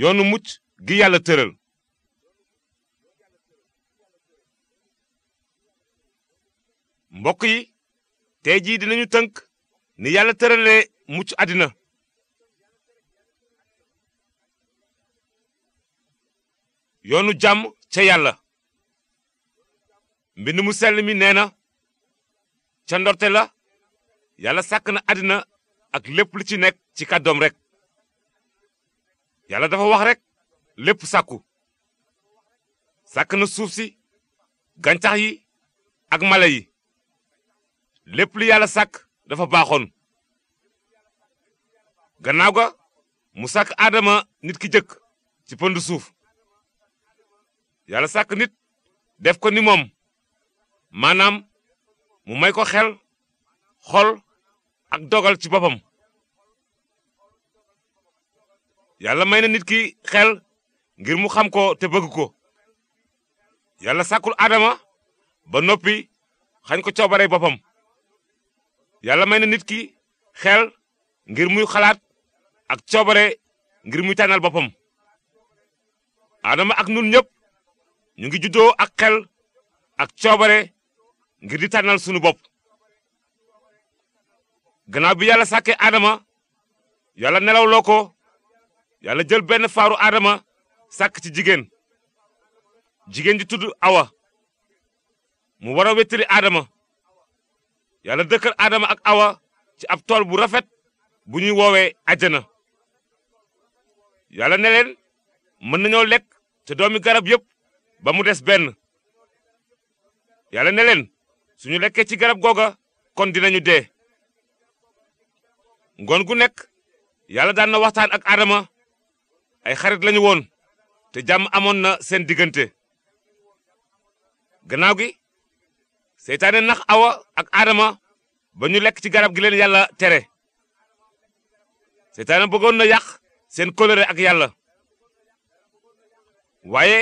yoonu mucc gi yàlla tëral mbokk yi tey jii dinañu tënk ni yàlla tëralee mucc àddina yoonu jàmm ca yàlla mbind mu sell mi nee na ca ndorte la yàlla sàkk na àddina ak lépp lu ci nekk ci kàddoom rekk yàlla dafa wax rek lépp sàkku sàkk na suuf si gàncax yi ak mala yi lépp li yàlla sàkk dafa baaxoon gannaaw ga mu sàkk aadama nit ki jëkk ci pënd suuf yàlla sàkk nit def ko ni moom maanaam mu may ko xel xol ak dogal ci boppam yàlla may na nit ki xel ngir mu xam ko te bëgg ko yàlla sakkul aadama ba noppi xañ ko coobare boppam yàlla may na nit ki xel ngir muy xalaat ak coobare ngir muy tànnal boppam aadama ak nun ñëpp ñu ngi juddoo ak xel ak coobare ngir di tànnal sunu bopp gannaaw bi yàlla sàkkee aadama yàlla nelawloo ko yàlla jël benn faaru aadama sàkk ci jigéen jigéen ji tudd awa mu war a wéttali aadama yàlla dëkkal aadama ak awa ci ab tool bu rafet bu ñuy woowee àjjana yàlla ne leen mën nañoo lekk te doomi garab yépp ba mu des benn yàlla ne leen suñu lekkee ci garab googa kon dinañu dee ngoon gu nekk yàlla daan na waxtaan ak aadama ay xarit lañu woon te jàmm amoon na seen diggante gannaaw gi seytaane nax awa ak aadama ba ñu lekk ci garab gi leen yàlla tere seytaane bëggoon na yàq seen kóllëre ak yàlla waaye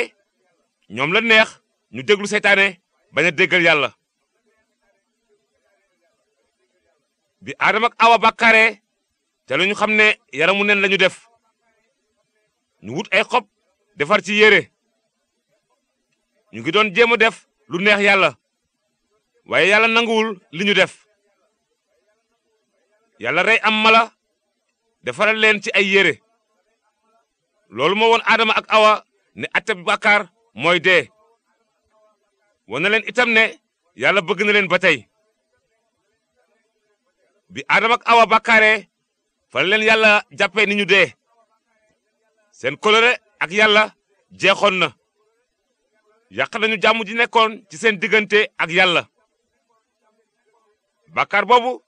ñoom la neex ñu déglu seytaane ba a déggal yàlla bi aadama ak awa bàkkaaree te lu ñu xam ne yaramu neen lañu def ñu wut ay xob defar ci yére ñu ngi doon jéem a def lu neex yàlla waaye yàlla nanguwul li ñu def yàlla rey am mala defaral leen ci ay yére loolu moo woon aadama ak awa ne atteb bàkkaar mooy dee wane leen itam ne yàlla bëgg na leen ba tey bi aadama ak awa bàkkaaree fa leen yàlla jàppee ni ñu dee seen kóllëre ak yàlla jeexoon na yàq nañu jàmm ji nekkoon ci seen diggante ak yàlla bàkkaar boobu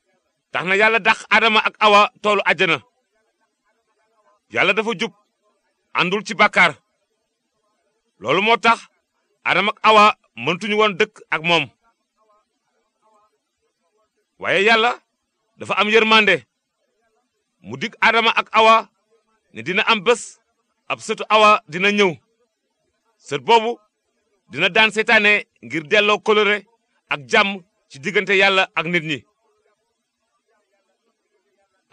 tax na yàlla daq Adama ak Awa toolu àjjana yàlla dafa jub àndul ci bàkkaar loolu moo tax Adama ak Awa mëntuñu woon dëkk ak moom waaye yàlla dafa am yërmande mu dig Adama ak Awa ne dina am bës ab sëtu awa dina ñëw sët boobu dina daan seytaane ngir delloo kóllëre ak jàmm ci diggante yàlla ak nit ñi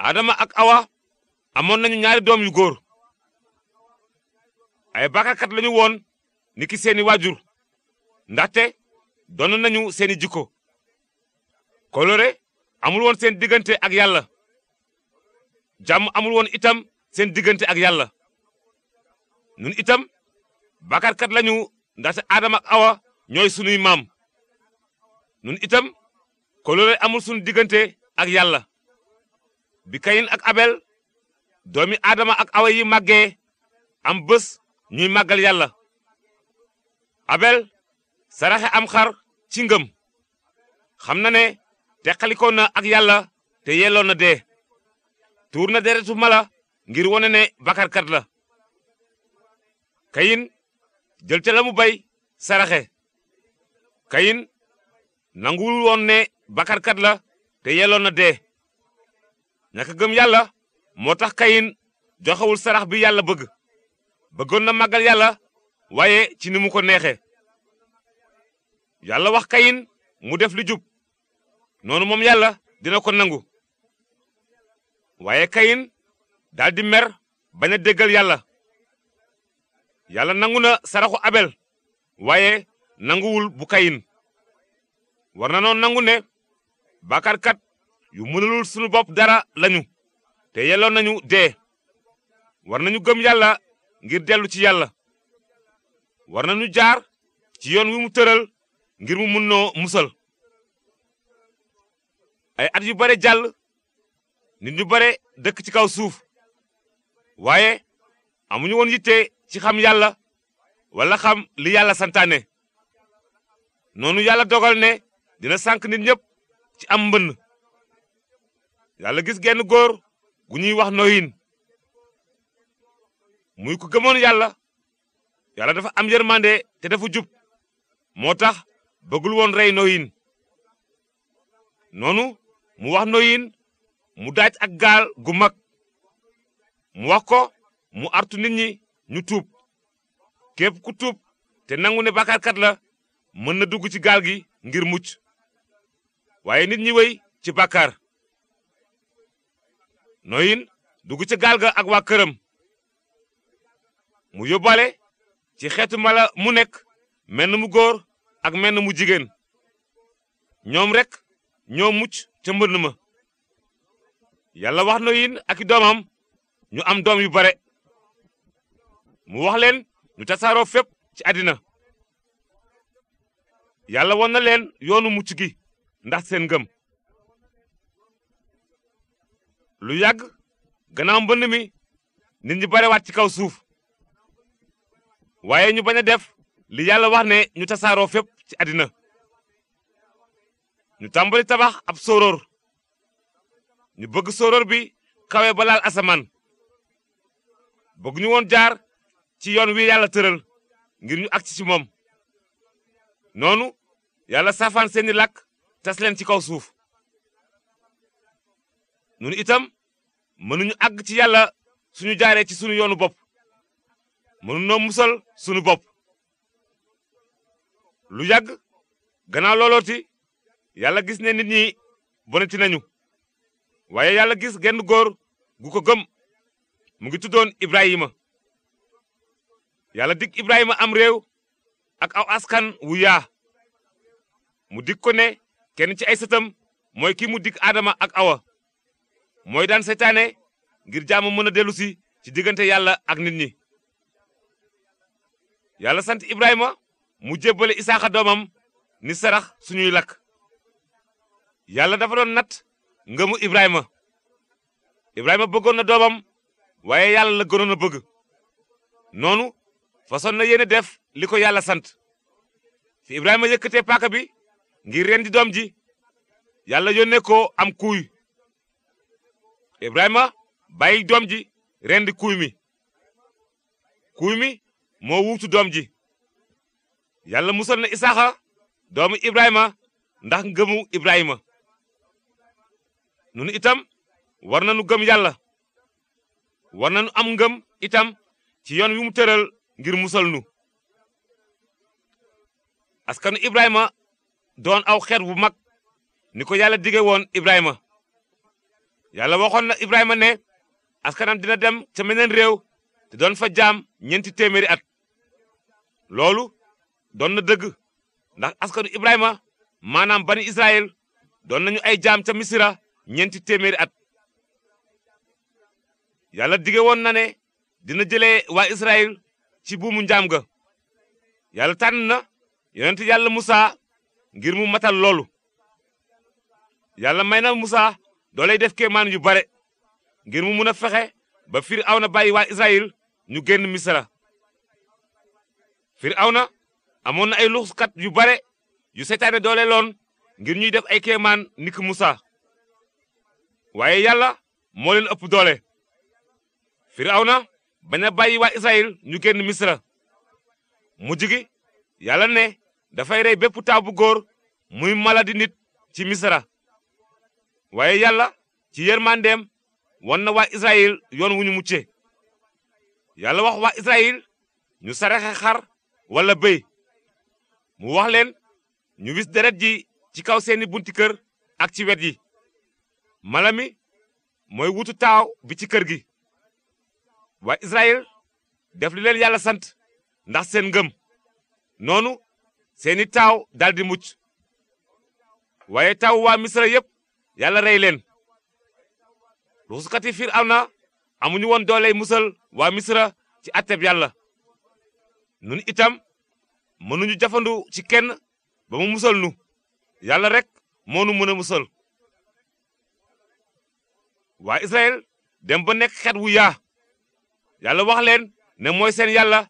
adama ak awa amoon nañu ñaari doom yu góor ay bàkkaarkat lañu woon ni ki seeni waajur ndaxte doon nañu seeni jikko kóllëre amul woon seen diggante ak yàlla jàmm amul woon itam seen diggante ak yàlla nun itam bàkkaarkat lañu ndaxte aadama ak awa ñooy sunuy maam nun itam kóllëre amul sunu diggante ak yàlla bi kayin ak abel doomi aadama ak awa yi màggee am bés ñuy màggal yàlla abel saraxe am xar ci ngëm xam na ne teqalikoo na ak yàlla te yelloon na dee tuur na deretu mala ngir wone ne bakarkat la kayin jël ca la mu bay saraxe kayin nanguwul woon ne bakarkat la te yelloon na dee ñaka gëm yàlla moo tax kayin joxewul sarax bi yàlla bëgg bëggoon na màggal yàlla waaye ci ni mu ko neexe yàlla wax kayin mu def li jub noonu moom yàlla dina ko nangu waaye kayin daldi mer bañ a déggal yàlla yàlla nangu na saraxu abel waaye nanguwul bu kayin war nanoon nangu ne bàkkaarkat yu mënalul sunu bopp dara lañu te yelloon nañu dee war nañu gëm yàlla ngir dellu ci yàlla war nañu jaar ci yoon wi mu tëral ngir mu mun noo musal ay at yu bare jàll nit ñu bare dëkk ci kaw suuf waaye amuñu woon yitte ci xam yàlla walla xam li yàlla santaane noonu yàlla dogal ne dina sànq nit ñépp ci am mbënn yàlla gis genn góor gu ñuy wax noyin muy ku gëmoon yàlla yàlla dafa am yërmande te dafa jub moo tax bëggul woon rey noyin noonu mu wax noyin mu daaj ak gaal gu mag mu wax ko mu artu nit ñi ñu tuub képp ku tuub te nangu ne bàkkaarkat la mën na dugg ci gaal gi ngir mucc waaye nit ñi wéy ci bàkkaar noyin dugg ca gaal ga ak waa këram mu yóbbaale ci xeetu mala mu nekk menn mu góor ak menn mu jigéen ñoom rek ñoo mucc ca mbënn ma yàlla wax noyin ak i doomam ñu am doom yu bare mu wax leen ñu tasaaroo fépp ci àddina yàlla won na leen yoonu mucc gi ndax seen ngëm lu yàgg gannaaw mbënd mi nit ñi barewaat ci kaw suuf waaye ñu bañ a def li yàlla wax ne ñu tasaaroo fépp ci àddina ñu tàmbali tabax ab sóoróor ñu bëgg sóoróor bi kawe balaal asamaan bëgg ñu woon jaar ci yoon wi yàlla tëral ngir ñu ak ci moom noonu yàlla saafaan seeni làkk tas leen ci kaw suuf ñun itam mënuñu àgg ci yàlla suñu jaaree ci suñu yoonu bopp mën musal suñu bopp lu yàgg gannaaw loolooti yàlla gis ne nit ñi bonati nañu waaye yàlla gis genn góor gu ko gëm mu ngi tuddoon Ibrahima yàlla dikk Ibrahima am réew ak aw askan wu yaa mu dig ko ne kenn ci ay sëtam mooy kii mu dig aadama ak Awa mooy daan seytaane ngir jaamu mën a dellusi ci diggante yàlla ak nit ñi. yàlla sant Ibrahima mu jébbale Isaaxa doomam ni sarax suñuy lakk yàlla dafa doon nat ngëmu Ibrahima Ibrahima bëggoon na doomam waaye yàlla la gënoon a bëgg noonu façon na yéene def li ko yàlla sant fi Ibrahima yëkkatee paaka bi ngir rendi doom ji yàlla yónnee ko am kuuy Ibrahima bàyyi doom ji rendi kuuy mi kuuy mi moo wuutu doom ji yàlla musal na Isaaxa doomu Ibrahima ndax ngëmu Ibrahima nunu itam war na nañu gëm yàlla war nañu am ngëm itam ci yoon wi mu tëral ngir musal nu askanu Ibrahima doon aw xeet bu mag ni ko yàlla dige woon Ibrahima yàlla waxoon na Ibrahima ne askanam dina dem ca meneen réew te doon fa jaam ñeenti téeméeri at loolu doon na dëgg ndax askanu Ibrahima maanaam bani Israël doon nañu ay jaam ca Misira ñeenti téeméeri at yàlla dige woon na ne dina jële waa Israël ci buumu njaam ga yàlla tànn na yonent yàlla musa ngir mu matal loolu yàlla may na musa dooley def kéemaan yu bare ngir mu mun a fexe ba Firawna bàyyi waa Israyil ñu génn misra Firawna amoon na ay luxkat yu bare yu seytaane doole loon ngir ñuy def ay kéemaan niki musa waaye yàlla moo leen ëpp doole Firawna ba a bàyyi waa Israël ñu génn Misra mu gi yàlla ne dafay rey bépp taaw bu góor muy maladi nit ci Misra waaye yàlla ci yërmandeem won na waa Israël yoon wu ñu mucce yàlla wax waa Israël ñu saraxe xar wala béy mu wax leen ñu wis deret ji ci kaw seeni bunt kër ak ci wet yi malami mooy wutu taaw bi ci kër gi waa Israël def li leen yàlla sant ndax seen ngëm noonu seeni taaw daldi mucc waaye taaw waa Misra yépp yàlla rey leen ruuskati na amuñu woon dooley musal waa Misra ci ateb yàlla nun itam mënuñu jafandu ci kenn ba mu musal nu yàlla rek moonu mën a musal waa Israël dem ba nekk xet wu yaa yàlla wax leen ne mooy seen yàlla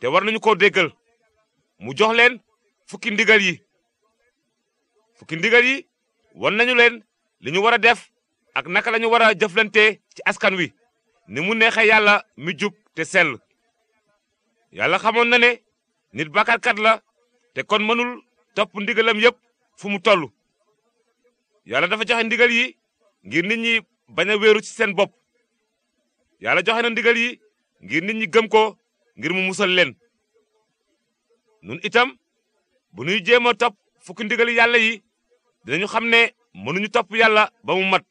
te war nañu ko déggal mu jox leen fukki ndigal yi fukki ndigal yi won nañu leen li ñu war a def ak naka lañu war a jëflante ci askan wi ni mu neexe yàlla mi jub te sell yàlla xamoon na ne nit bàkkaarkat la te kon mënul topp ndigalam yépp fu mu toll yàlla dafa joxe ndigal yi ngir nit ñi bañ a wéeru ci seen bopp yàlla joxe na ndigal yi ngir nit ñi gëm ko ngir mu musal leen nun itam bu nuy jéem a topp fukki ndigali yàlla yi dinañu xam ne mënuñu topp yàlla ba mu mat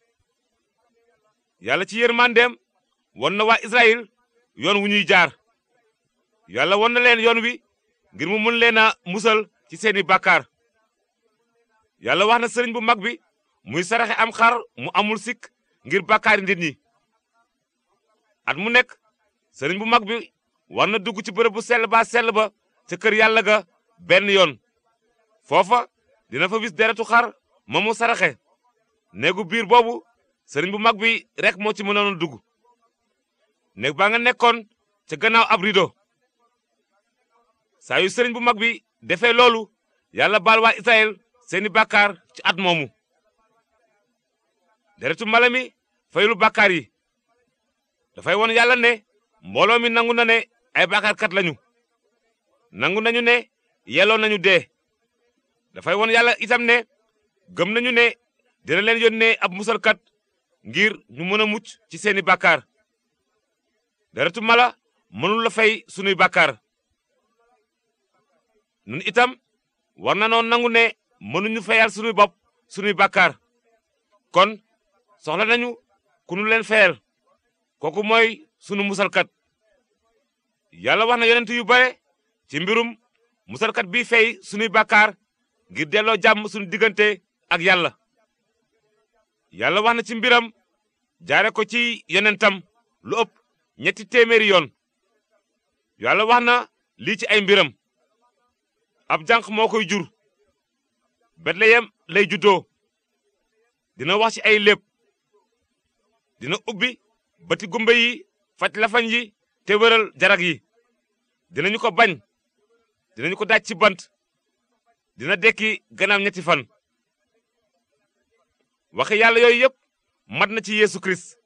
yàlla ci yërmandeem won na waa Israël yoon wu ñuy jaar yàlla won na leen yoon wi ngir mu mun leen a musal ci seeni bàkkaar yàlla wax na sëriñ bu mag bi muy saraxe am xar mu amul sikk ngir bàkkaari nit ñi at mu nekk sëriñ bu mag bi war na dugg ci bërëb bu sel baa sel ba ca kër yàlla ga benn yoon foofa dina fa wis deretu xar ma mu saraxe néegu biir boobu sëriñ bu mag bi rek moo ci mënoon dugg néeg baa nga nekkoon ca gannaaw ab rido saa sëriñ bu mag bi defee loolu yàlla baal waa israel seeni bàkkaar ci at moomu deretu malami mi fayulu bàkkaar yi dafay won yàlla ne mbooloo mi nangu na ne ay bàkkaarkat lañu nangu nañu ne yelloo nañu dee dafay won yàlla itam ne gëm nañu ne dina leen yónnee ab musalkat ngir ñu mën a mucc ci seeni bàkkaar deretu mala mënul la fay sunuy bàkkaar nun itam war na noo nangu ne mënuñu fayal sunuy bopp sunuy bàkkaar kon soxla nañu ku nu leen fayal kooku sunu musalkat yàlla wax na yonent yu bare ci mbirum musalkat bi fey sunuy bàkkaar ngir delloo jàmm sunu diggante ak yàlla yàlla wax na ci mbiram jaare ko ci yonentam lu ëpp ñetti téeméeri yoon yàlla wax na lii ci ay mbiram ab janq moo koy jur betleyem lay juddoo dina wax ci ay léeb dina ubbi bati gumba faj lafañ yi te wéral jarag yi dinañu ko bañ dinañu ko daaj ci bant dina dekki gannaaw ñetti fan waxi yàlla yooyu yépp mat na ci yeesu kirist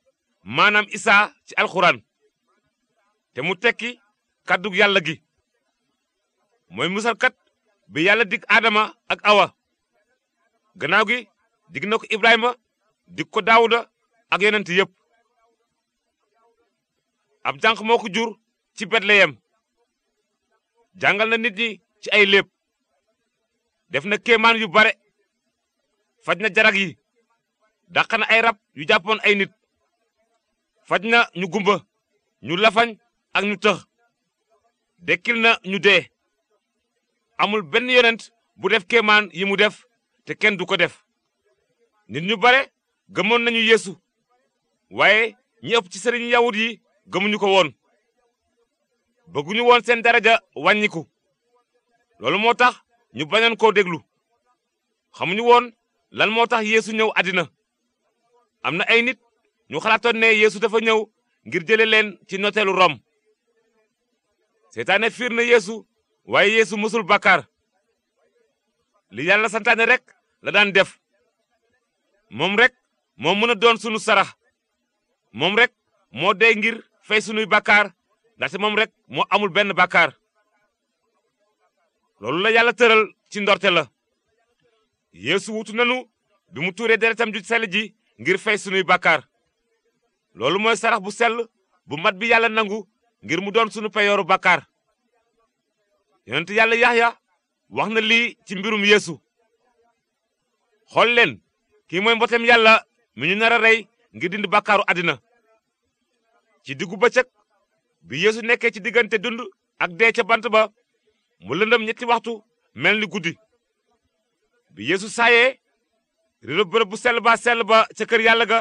maanaam isaa ci alxuraan te mu tekki kàddug yàlla gi mooy musalkat bi yàlla dig aadama ak awa gannaaw gi digg na ko ibrahima dig ko daawuda ak yonent yépp ab jànq moo jur ci betleyem jàngal na nit ñi ci ay léeb def na kéemaan yu bare faj na jarag yi dàq na ay rab yu jàppoon ay nit faj na ñu gumba ñu lafañ ak ñu tëx dekkil na ñu dee amul benn yonent bu def kéemaan yi mu def te kenn du ko def nit ñu bare gëmoon nañu yéesu waaye ñi ëpp ci sëriñ yawut yi gëmuñu ko woon bëgguñu woon seen daraja wàññiku loolu moo tax ñu bañoon koo déglu xamuñu woon lan moo tax yéesu ñëw àddina am na ay nit ñu xalaatoon ne yeesu dafa ñëw ngir jële leen ci noteelu rom seytaane fiir na yéesu waaye yéesu mësul bàkkaar li la santaane rek la daan def moom rek moo mën a doon sunu sarax moom rek moo dee ngir fay sunuy bàkkaar ndaxte moom rek moo amul benn bàkkaar loolu la yàlla tëral ci ndorte la yeesu wutu nanu bi mu tuuree deretam ju sell ji ngir fay sunuy bàkkaar loolu mooy sarax bu sell bu mat bi yàlla nangu ngir mu doon sunu peyooru bàkkaar yonent yàlla yaxya wax na lii ci mbirum yéesu xool leen kii mooy mbotem yàlla mi ñu nar a rey ngir dindi bàkkaaru àddina ci diggu bëccëg bi yeesu nekkee ci diggante dund ak dee ca bant ba mu lëndëm ñetti waxtu mel ni guddi bi yeesu saayee réeru bërëb bu sel ba sell ba ca kër yàlla ga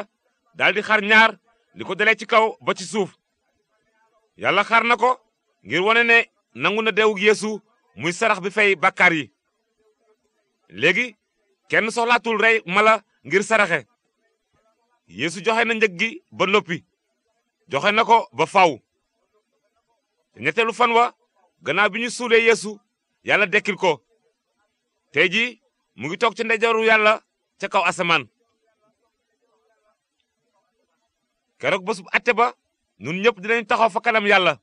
daldi xar ñaar li ko dalee ci kaw ba ci suuf yàlla xar na ko ngir wone ne nangu na deewug yéesu muy sarax bi fay bàkkaar yi léegi kenn soxlaatul rey mala ngir saraxe yéesu joxe na njëg gi ba noppi joxe na ko ba faw te ñetteelu fan wa ganaaw bi ñu suulee yéesu yàlla dekkil ko tey ji mu ngi toog ci ndeyjooru yàlla ca kaw asamaan keroog bés bu ba ñun ñëpp dinañ taxaw fa kanam yàlla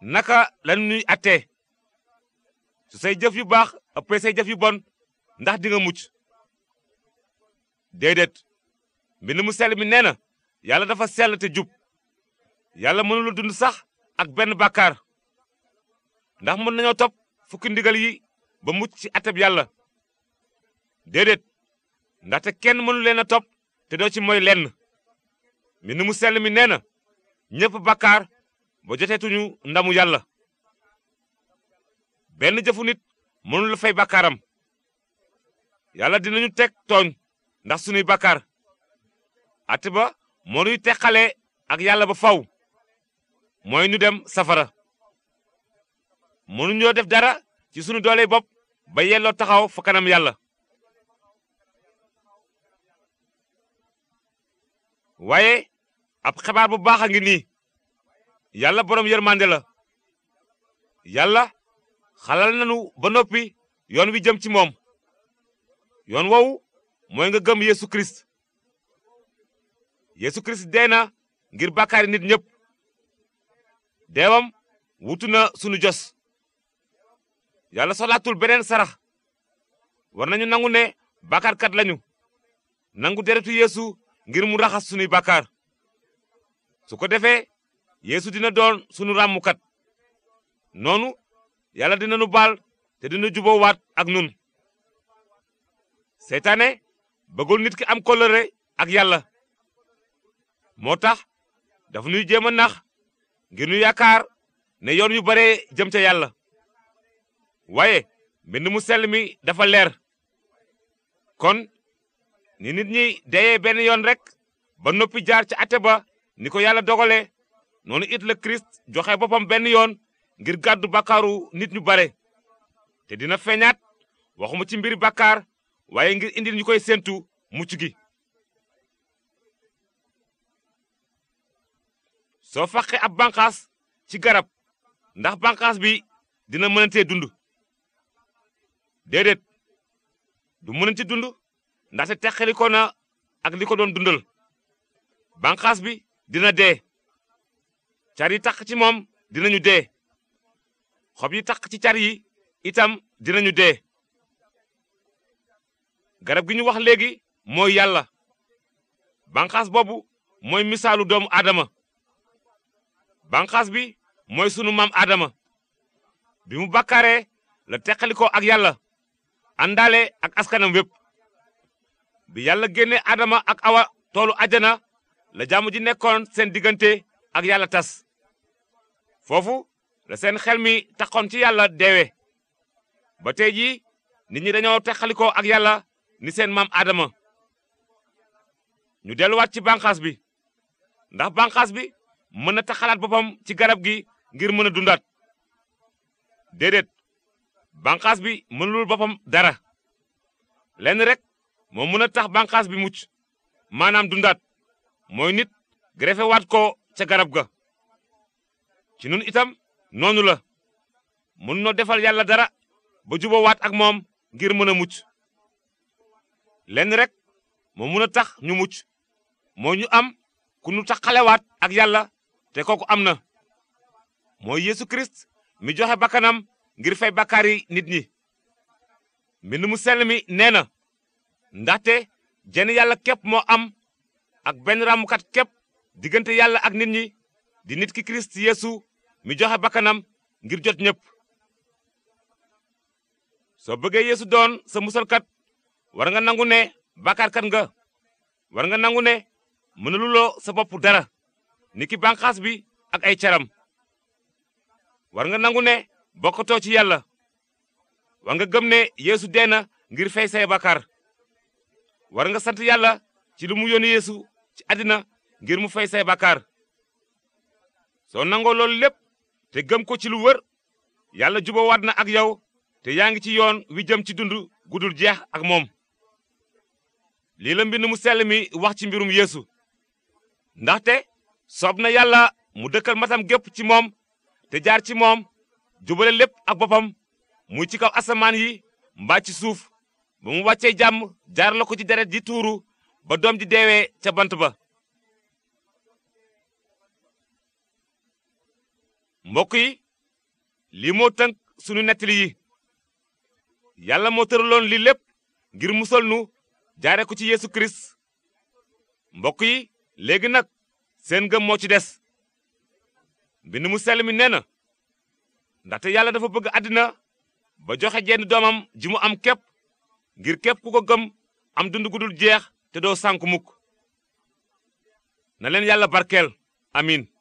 naka lañu ñuy attee su say jëf yu baax ëppee say jëf yu bon ndax di nga mucc déedéet mbind mu sell mi nee na yàlla dafa sell te jub yàlla mënula dund sax ak benn bàkkaar ndax mën nañoo topp fukki ndigal yi ba mucc ci ateb yàlla déedéet ndaxte kenn mënu leen a topp te doo ci mooy lenn mi ni mu sell mi nee na ñépp bàkkaar ba joteetuñu ndamu yàlla benn jëfu nit mënul fay bàkkaaram yàlla dinañu teg tooñ ndax sunuy bàkkaar ate ba moo nuy teqale ak yàlla ba faw mooy nu dem safara mënuñoo def dara ci sunu doole bopp ba yelloo taxaw fa kanam yàlla waaye ab xabaar bu baax a ngi nii yàlla boroom yërmande la yàlla xalal nanu ba noppi yoon wi jëm ci moom yoon woowu mooy nga gëm Yesu Christ Yesu Kirist dee na ngir bàkkaari nit ñépp deewam wutu na sunu jos yàlla soxlaatul beneen sarax war nañu nangu ne bàkkaarkat lañu nangu deretu yeesu ngir mu raxas sunuy bàkkaar su ko defee yeesu dina doon sunu ràmmukat noonu yàlla dina nu baal te dina juboowaat ak nun seytaane bëggul nit ki am kóllëre ak yàlla moo tax dafa nu jéem a nax ngir nu yaakaar ne yoon yu bare jëm ca yàlla waaye mbind mu sell mi dafa leer kon ni nit ñi deyee benn yoon rek ba noppi jaar ca ate ba ni ko yàlla dogale noonu it la Christ joxe boppam benn yoon ngir gàddu bakkaaru nit ñu bare te dina feeñaat waxuma ci mbiri bakkaar waaye ngir indil ñu koy séentu mucc gi soo faqee ab bànqaas ci garab ndax bànqaas bi dina mënatee dund déedéet du mënati dund ndaxte teqalikoo na ak li ko doon dundal bànqaas bi dina dee car yi taq ci moom dinañu dee xob yi taq ci car yi itam dinañu dee garab gi ñu wax léegi mooy yàlla banqaas boobu mooy misaalu doomu aadama banqaas bi mooy sunu maam Adama bi mu bakkaaree la teqalikoo ak yàlla àndaale ak askanam wépp bi yàlla génne Adama ak Awa toolu ajana la jàmm ji nekkoon seen diggante ak yàlla tas foofu la seen xel mi taxoon ci yàlla deewe ba tey jii nit ñi dañoo teqalikoo ak yàlla ni seen mam Adama ñu delluwaat ci banqaas bi ndax banqaas bi mën na taxalaat boppam ci garab gi ngir mën a dundaat déedéet bànqaas bi mënulul boppam dara lenn rek moo mën a tax bànqaas bi mucc maanaam dundaat mooy nit greffé ko ca garab ga ci nun itam noonu la mën noo defal yàlla dara ba juboo waat ak moom ngir mën a mucc lenn rek moo mën a tax ñu mucc moo ñu am ku nu taxalewaat ak yàlla te kooku am na moo Yesu Christ mi joxe bakkanam ngir fay bakkaari nit ñi mbind mu sell mi nee na ndaxte jenn yàlla képp moo am ak benn ràmmukat képp diggante yàlla ak nit ñi di nit ki Christ yéesu mi joxe bakkanam ngir jot ñépp soo bëggee Yesu doon sa musalkat war nga nangu ne bàkkaarkat nga war nga nangu ne mënululoo sa bopp dara niki bànqaas bi ak ay caram war nga nangu ne bokkatoo ci yàlla war nga gëm ne yéesu dee ngir fey say bakkaar war nga sant yàlla ci li mu yónni yeesu ci àddina ngir mu fey say bakkaar soo nangoo loolu lépp te gëm ko ci lu wër yàlla jubawaat na ak yow te yaa ngi ci yoon wi jëm ci dund gudul jeex ak moom lii la mbind mu sell mi wax ci mbirum yéesu ndaxte soob na yàlla mu dëkkal matam gépp ci moom te jaar ci moom jubale lépp ak boppam muy ci kaw asamaan yi mbaa ci suuf ba mu wàccee jàmm jaar la ko ci deret ji tuuru ba doom ji deewee ca bant ba mbokk yi lii moo tënk sunu nettali yi yàlla moo tëraloon lii lépp ngir musal nu jaare ko ci yeesu kirist mbokk yi léegi nag seen ngëm moo ci des mbind mu sel mi nee na ndaxte yàlla dafa bëgg àddina ba joxe jenn doomam ji mu am képp ngir képp ku ko gëm am dund gu dul jeex te doo sànku mukk na leen yàlla barkeel amin